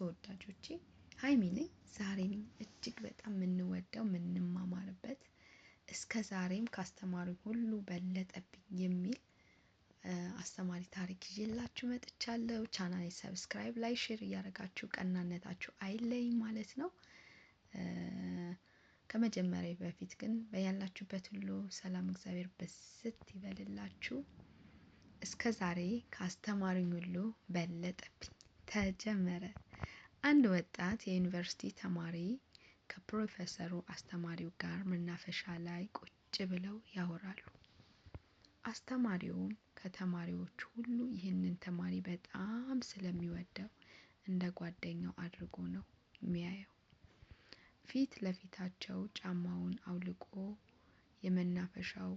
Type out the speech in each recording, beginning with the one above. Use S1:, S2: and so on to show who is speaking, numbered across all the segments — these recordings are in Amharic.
S1: ተወዳጆቼ ሀይሚ ነኝ። ዛሬ እጅግ በጣም የምንወደው የምንማማርበት እስከ ዛሬም ካስተማሩኝ ሁሉ በለጠብኝ የሚል አስተማሪ ታሪክ ይዤላችሁ መጥቻለሁ። ቻናሌ ሰብስክራይብ ላይ ሼር እያደረጋችሁ ቀናነታችሁ አይለይ ማለት ነው። ከመጀመሪያ በፊት ግን በያላችሁበት ሁሉ ሰላም እግዚአብሔር በስት ይበልላችሁ። እስከ ዛሬ ካስተማሩኝ ሁሉ በለጠብኝ ተጀመረ። አንድ ወጣት የዩኒቨርሲቲ ተማሪ ከፕሮፌሰሩ አስተማሪው ጋር መናፈሻ ላይ ቁጭ ብለው ያወራሉ። አስተማሪውም ከተማሪዎች ሁሉ ይህንን ተማሪ በጣም ስለሚወደው እንደ ጓደኛው አድርጎ ነው የሚያየው። ፊት ለፊታቸው ጫማውን አውልቆ የመናፈሻው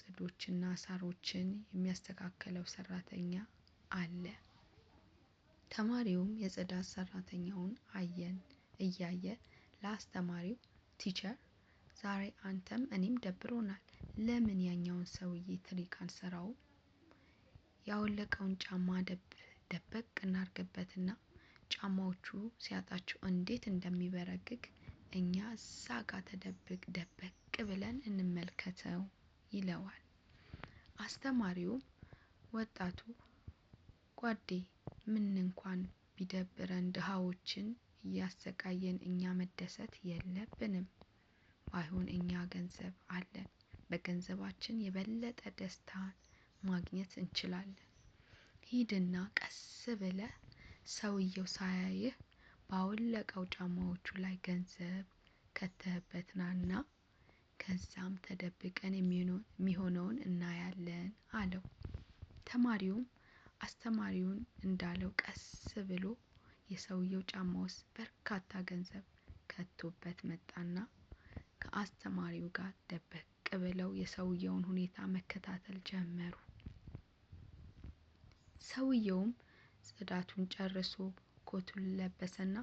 S1: ጽዶችና ሳሮችን የሚያስተካክለው ሰራተኛ አለ። ተማሪውም የጽዳት ሰራተኛውን አየን እያየ ለአስተማሪው ቲቸር ዛሬ አንተም እኔም ደብሮናል ለምን ያኛውን ሰውዬ ትሪክ አንሰራውም? ያወለቀውን ጫማ ደበቅ እናርግበትና ጫማዎቹ ሲያጣቸው እንዴት እንደሚበረግግ እኛ እዛ ጋ ተደብቅ ደበቅ ብለን እንመልከተው ይለዋል። አስተማሪውም ወጣቱ ጓዴ ምን እንኳን ቢደብረን ድሃዎችን እያሰቃየን እኛ መደሰት የለብንም። ባይሆን እኛ ገንዘብ አለን። በገንዘባችን የበለጠ ደስታን ማግኘት እንችላለን። ሂድና ቀስ ብለህ ሰውየው ሳያይህ ባወለቀው ጫማዎቹ ላይ ገንዘብ ከተህበት ናና ከዛም ተደብቀን የሚሆነውን እናያለን አለው። ተማሪውም አስተማሪውን እንዳለው ቀስ ብሎ የሰውየው ጫማ ውስጥ በርካታ ገንዘብ ከቶበት መጣና ከአስተማሪው ጋር ደበቅ ብለው የሰውየውን ሁኔታ መከታተል ጀመሩ። ሰውየውም ጽዳቱን ጨርሶ ኮቱን ለበሰና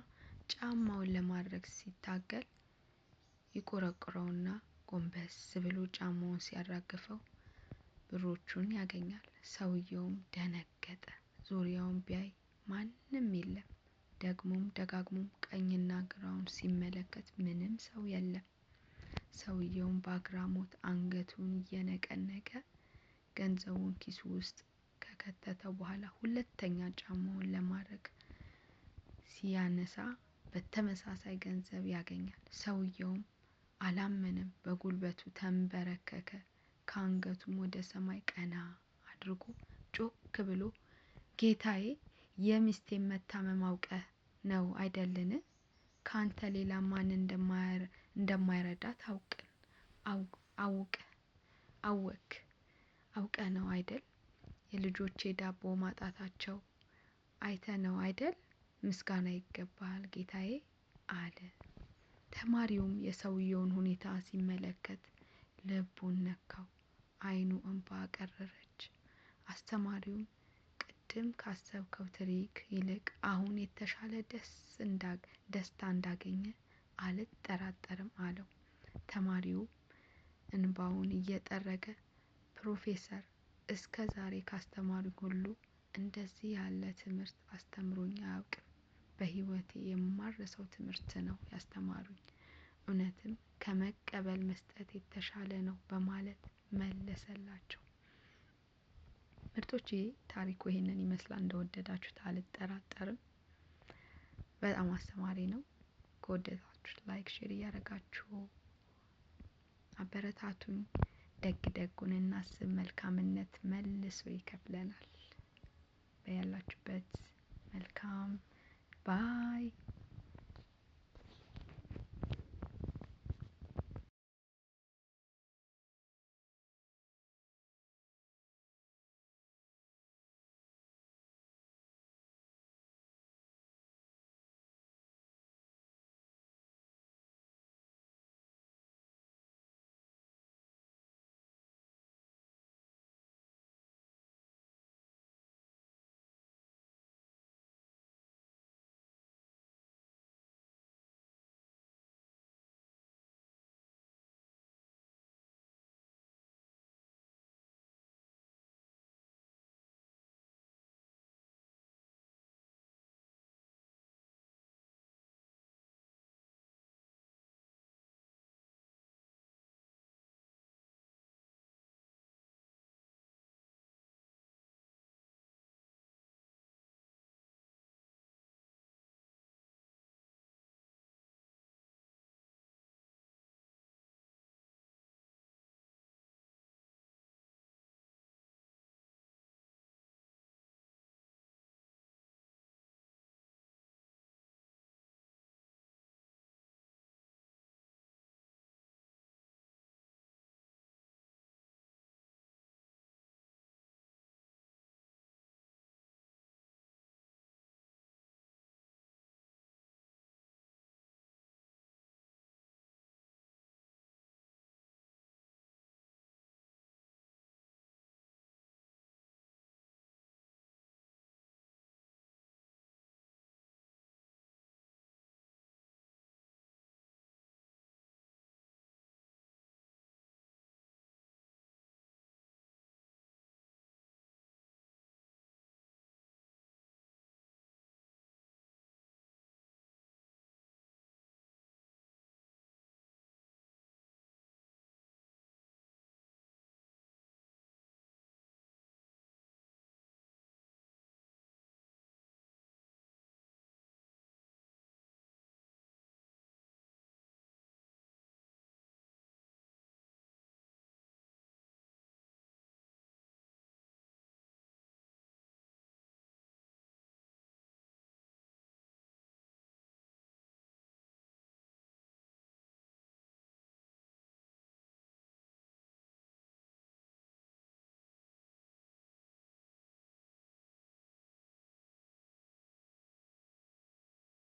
S1: ጫማውን ለማድረግ ሲታገል ይቆረቁረውና ጎንበስ ብሎ ጫማውን ሲያራግፈው ብሮቹን ያገኛል። ሰውየውም ደነገጠ። ዙሪያውን ቢያይ ማንም የለም። ደግሞም ደጋግሞም ቀኝና ግራውን ሲመለከት ምንም ሰው የለም። ሰውየውም በአግራሞት አንገቱን እየነቀነቀ ገንዘቡን ኪሱ ውስጥ ከከተተ በኋላ ሁለተኛ ጫማውን ለማድረግ ሲያነሳ በተመሳሳይ ገንዘብ ያገኛል። ሰውየውም አላመነም፣ በጉልበቱ ተንበረከከ፣ ከአንገቱም ወደ ሰማይ ቀና አድርጎ ጮክ ብሎ ጌታዬ የሚስቴን መታመም አውቀህ ነው አይደልን? ከአንተ ሌላ ማን እንደማይረዳት አውቅን አውቅ አወክ አውቀ ነው አይደል? የልጆቼ ዳቦ ማጣታቸው አይተ ነው አይደል? ምስጋና ይገባል ጌታዬ አለ። ተማሪውም የሰውየውን ሁኔታ ሲመለከት ልቡን ነካው። አይኑ እንባ አቀረረ። አስተማሪውም ቅድም ካሰብከው ትሪክ ይልቅ አሁን የተሻለ ደስታ እንዳገኘ አልጠራጠርም አለው። ተማሪው እንባውን እየጠረገ ፕሮፌሰር እስከ ዛሬ ካስተማሩኝ ሁሉ እንደዚህ ያለ ትምህርት አስተምሮኝ አያውቅም። በሕይወቴ የማረሰው ትምህርት ነው ያስተማሩኝ። እውነትም ከመቀበል መስጠት የተሻለ ነው በማለት መለሰላቸው። ምርጦቼ ታሪኩ ይሄንን ይመስላል እንደወደዳችሁት አልጠራጠርም። በጣም አስተማሪ ነው። ከወደዳችሁት ላይክ ሼር እያደረጋችሁ አበረታቱኝ። ደግ ደጉን እናስብ መልካምነት መልሶ ይከፍለናል። በያላችሁበት መልካም ባይ